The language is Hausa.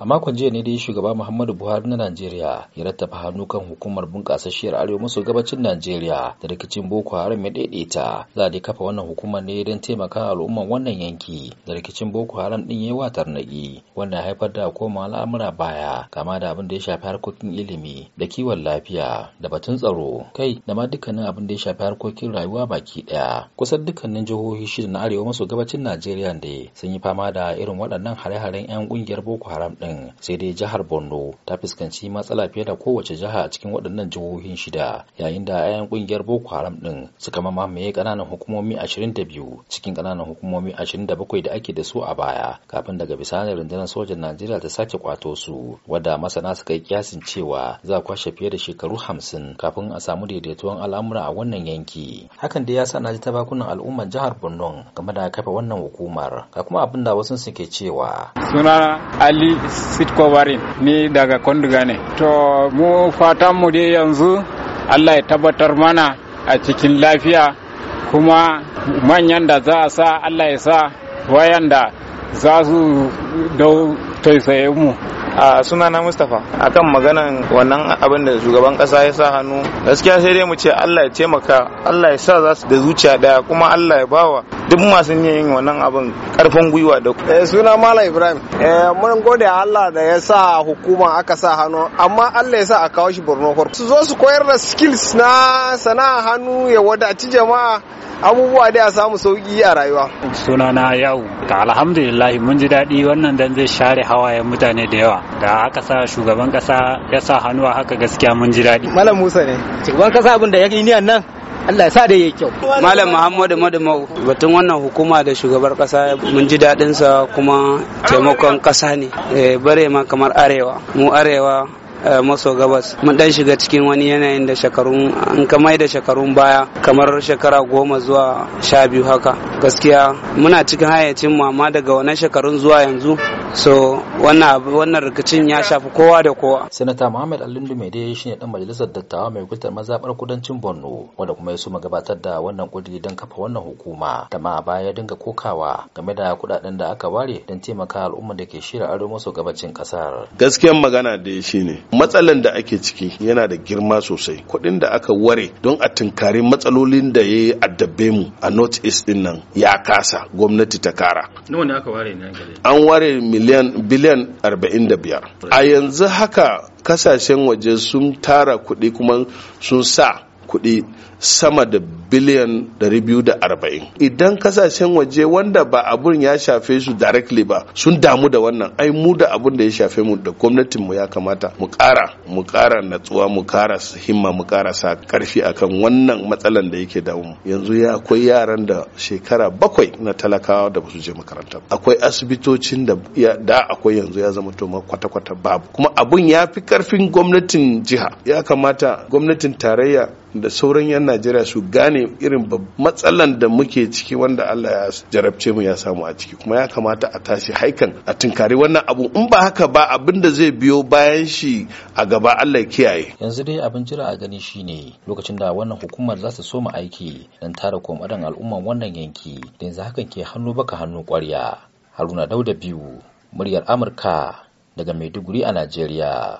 a makon jiya ne dai shugaba muhammadu buhari na najeriya ya rattafa hannu kan hukumar shiyar arewa maso gabacin najeriya da rikicin boko haram ya daidaita za a kafa wannan hukumar ne don taimaka al'umman wannan yanki da rikicin boko haram din ya yi watar naki wannan haifar da koma al'amura baya kama da abin da ya shafi harkokin ilimi da kiwon lafiya da batun tsaro kai da ma dukkanin abin da ya shafi harkokin rayuwa baki daya kusan dukkanin jihohi shida na arewa maso gabacin najeriya ne sun yi fama da irin waɗannan hare-haren 'yan ƙungiyar boko haram ɗin din sai dai jihar borno ta fuskanci matsala fiye da kowace jiha a cikin waɗannan jihohin shida yayin da 'ya'yan ƙungiyar boko haram din suka mamaye ƙananan hukumomi 22 cikin ƙananan hukumomi 27 da ake da su a baya kafin daga bisani rundunar sojan najeriya ta sake kwato su wadda masana suka yi kiyasin cewa za a kwashe fiye da shekaru 50 kafin a samu daidaituwan al'amura a wannan yanki hakan da ya sa na ji ta bakunan al'ummar jihar borno game da kafa wannan hukumar ga kuma abin da wasu ke cewa sunana ali fit covering ni daga kwanduga ne to mu fatan mu dai yanzu allah ya tabbatar mana a cikin lafiya kuma manyan da za a sa allah ya sa wayan da za su dau taisaye mu a sunana mustapha akan maganan wannan abin da shugaban kasa ya sa hannu gaskiya sai dai mu ce allah ya taimaka allah ya sa za su da zuciya daya kuma allah ya bawa duk masu yin wannan abin karfin gwiwa da eh, suna mala ibrahim eh, mun gode allah da ya sa hukuma aka sa hannu amma allah ya sa a kawo shi borno su zo su koyar da skills na sana'a hannu ya wadaci jama'a abubuwa da ya samu sauki a rayuwa suna na yau ka alhamdulillah mun ji daɗi wannan dan zai share hawayen mutane da yawa da aka sa shugaban kasa ya sa hannu a haka gaskiya mun ji daɗi malam musa ne shugaban kasa abin da ya yi niyan nan Allah ya sa da yayi kyau malam muhammadu Madumau batun wannan hukuma da shugabar kasa mun ji daɗin sa kuma taimakon kasa ne eh, bare ma kamar arewa mu arewa eh, maso gabas mun dan shiga cikin wani yanayin da shekarun an kamai da shekarun baya kamar shekara goma zuwa sha biyu haka gaskiya muna cikin hayacin mama daga wannan shekarun zuwa yanzu so wannan rikicin ya shafi kowa da kowa sanata muhammad alindu dai shi ne dan majalisar dattawa mai wakiltar mazaɓar kudancin borno wanda kuma ya so gabatar da wannan kudi don kafa wannan hukuma da ma baya dinga kokawa game da kudaden da aka ware don taimaka al'umma da ke shirya arewa maso gabacin kasar gaskiyan magana da shi ne matsalan da ake ciki yana da girma sosai kudin da aka ware don a tunkari matsalolin da ya yi addabe mu a north east din nan ya kasa gwamnati ta kara ne aka ware ne an ware miliyan biliyan 45 a yanzu haka kasashen waje sun tara kuɗi kuma sun sa kuɗi sama da biliyan 240 idan kasashen waje wanda ba abun ya shafe su directly ba sun damu da wannan ai mu da abun da ya shafe mu da gwamnatin mu ya kamata mu ƙara mu ƙara natsuwa mu ƙara himma mu ƙara sa ƙarfi akan wannan matsalan da yake damu yanzu ya akwai yaran da shekara bakwai na talakawa da ba su je makaranta akwai asibitocin da da akwai yanzu ya zama to kwata-kwata babu kuma abun ya fi karfin gwamnatin jiha ya kamata gwamnatin tarayya da sauran 'yan najeriya su gane irin matsalan da muke ciki wanda allah ya jarabce mu ya samu a ciki kuma ya kamata a tashi haikan a tunkari wannan abu in ba haka ba abin da zai biyo bayan shi a gaba allah kiyaye yanzu dai abin jira a gani shine lokacin da wannan hukumar za su so mu aiki don tara komadan al'umman wannan yanki da yanzu hakan ke hannu baka hannu kwarya haruna dauda biyu muryar amurka daga maiduguri a najeriya